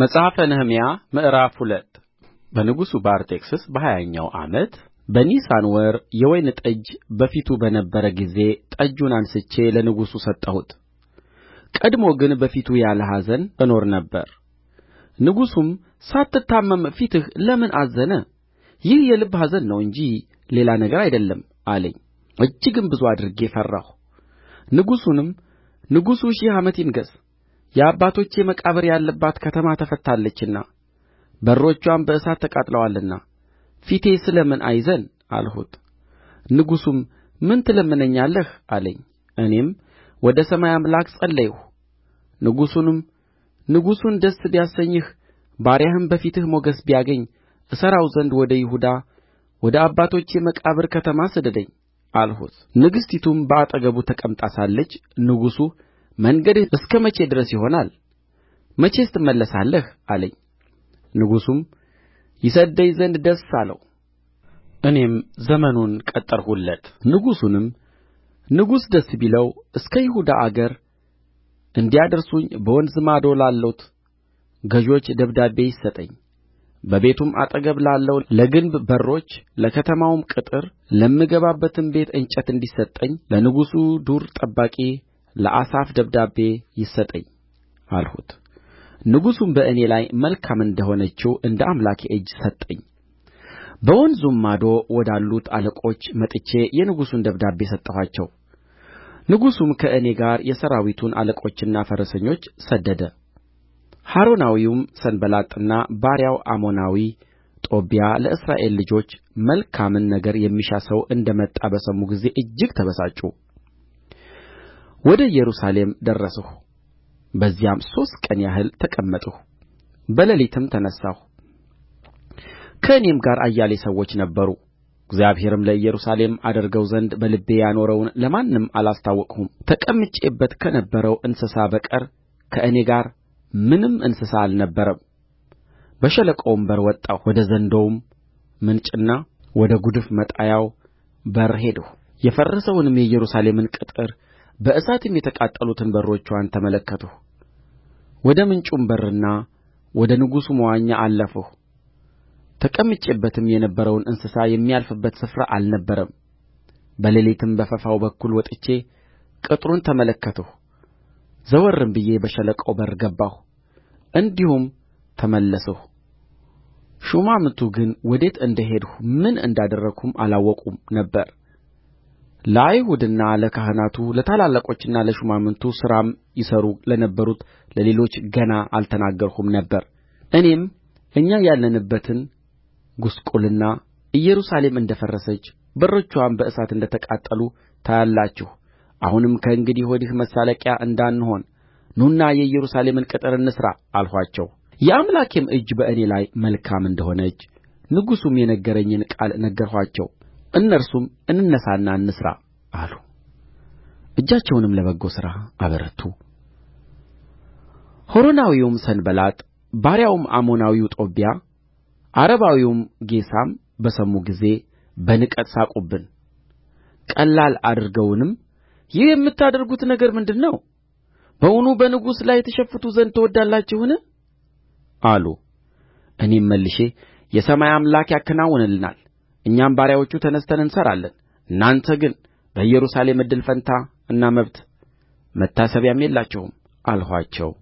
መጽሐፈ ነህምያ ምዕራፍ ሁለት በንጉሡ በአርጤክስስ በሀያኛው ዓመት በኒሳን ወር የወይን ጠጅ በፊቱ በነበረ ጊዜ ጠጁን አንሥቼ ለንጉሡ ሰጠሁት። ቀድሞ ግን በፊቱ ያለ ኀዘን እኖር ነበር። ንጉሡም ሳትታመም ፊትህ ለምን አዘነ? ይህ የልብ ኀዘን ነው እንጂ ሌላ ነገር አይደለም አለኝ። እጅግም ብዙ አድርጌ ፈራሁ። ንጉሡንም ንጉሡ ሺህ ዓመት ይንገሥ የአባቶቼ መቃብር ያለባት ከተማ ተፈትታለችና በሮችዋም በእሳት ተቃጥለዋልና ፊቴ ስለ ምን አይዘን አልሁት ንጉሡም ምን ትለምነኛለህ አለኝ እኔም ወደ ሰማይ አምላክ ጸለይሁ ንጉሡንም ንጉሡን ደስ ቢያሰኝህ ባሪያህም በፊትህ ሞገስ ቢያገኝ እሠራው ዘንድ ወደ ይሁዳ ወደ አባቶቼ መቃብር ከተማ ስደደኝ አልሁት ንግሥቲቱም በአጠገቡ ተቀምጣ ሳለች ንጉሡ መንገድህ እስከ መቼ ድረስ ይሆናል መቼስ ትመለሳለህ አለኝ ንጉሡም ይሰድደኝ ዘንድ ደስ አለው እኔም ዘመኑን ቀጠርሁለት ንጉሡንም ንጉሥ ደስ ቢለው እስከ ይሁዳ አገር እንዲያደርሱኝ በወንዝ ማዶ ላሉት ገዦች ደብዳቤ ይሰጠኝ በቤቱም አጠገብ ላለው ለግንብ በሮች ለከተማውም ቅጥር ለምገባበትም ቤት እንጨት እንዲሰጠኝ ለንጉሡ ዱር ጠባቂ ለአሳፍ ደብዳቤ ይሰጠኝ አልሁት ንጉሡም በእኔ ላይ መልካም እንደ ሆነችው እንደ አምላኬ እጅ ሰጠኝ በወንዙም ማዶ ወዳሉት አለቆች መጥቼ የንጉሡን ደብዳቤ ሰጠኋቸው ንጉሡም ከእኔ ጋር የሠራዊቱን አለቆችና ፈረሰኞች ሰደደ ሖሮናዊውም ሰንባላጥና ባሪያው አሞናዊ ጦብያ ለእስራኤል ልጆች መልካምን ነገር የሚሻ ሰው እንደ መጣ በሰሙ ጊዜ እጅግ ተበሳጩ ወደ ኢየሩሳሌም ደረስሁ በዚያም ሦስት ቀን ያህል ተቀመጥሁ በሌሊትም ተነሣሁ ከእኔም ጋር አያሌ ሰዎች ነበሩ እግዚአብሔርም ለኢየሩሳሌም አደርገው ዘንድ በልቤ ያኖረውን ለማንም አላስታወቅሁም ተቀምጬበት ከነበረው እንስሳ በቀር ከእኔ ጋር ምንም እንስሳ አልነበረም በሸለቆውም በር ወጣሁ ወደ ዘንዶውም ምንጭና ወደ ጒድፍ መጣያው በር ሄድሁ የፈረሰውንም የኢየሩሳሌምን ቅጥር በእሳትም የተቃጠሉትን በሮችዋን ተመለከትሁ ወደ ምንጩም በርና ወደ ንጉሡ መዋኛ አለፍሁ ተቀምጬበትም የነበረውን እንስሳ የሚያልፍበት ስፍራ አልነበረም በሌሊትም በፈፋው በኩል ወጥቼ ቅጥሩን ተመለከትሁ ዘወርም ብዬ በሸለቆው በር ገባሁ እንዲሁም ተመለስሁ ሹማምቱ ግን ወዴት እንደ ሄድሁ ምን እንዳደረግሁም አላወቁም ነበር ለአይሁድና ለካህናቱ ለታላላቆችና ለሹማምቱ ሥራም ይሠሩ ለነበሩት ለሌሎች ገና አልተናገርሁም ነበር እኔም እኛ ያለንበትን ጕስቍልና ኢየሩሳሌም እንደ ፈረሰች በሮችዋም በእሳት እንደ ተቃጠሉ ታያላችሁ አሁንም ከእንግዲህ ወዲህ መሳለቂያ እንዳንሆን ኑና የኢየሩሳሌምን ቅጥር እንሥራ አልኋቸው የአምላኬም እጅ በእኔ ላይ መልካም እንደ ሆነች ንጉሡም የነገረኝን ቃል ነገርኋቸው እነርሱም እንነሣና እንሥራ አሉ እጃቸውንም ለበጎ ሥራ አበረቱ ሖሮናዊውም ሰንባላጥ ባሪያውም አሞናዊው ጦብያ ዓረባዊውም ጌሳም በሰሙ ጊዜ በንቀት ሳቁብን ቀላል አድርገውንም ይህ የምታደርጉት ነገር ምንድር ነው በውኑ በንጉሥ ላይ ትሸፍቱ ዘንድ ትወዳላችሁን? አሉ እኔም መልሼ የሰማይ አምላክ ያከናውንልናል እኛም ባሪያዎቹ ተነሥተን እንሠራለን እናንተ ግን በኢየሩሳሌም እድል ፈንታና መብት መታሰቢያም የላችሁም አልኋቸው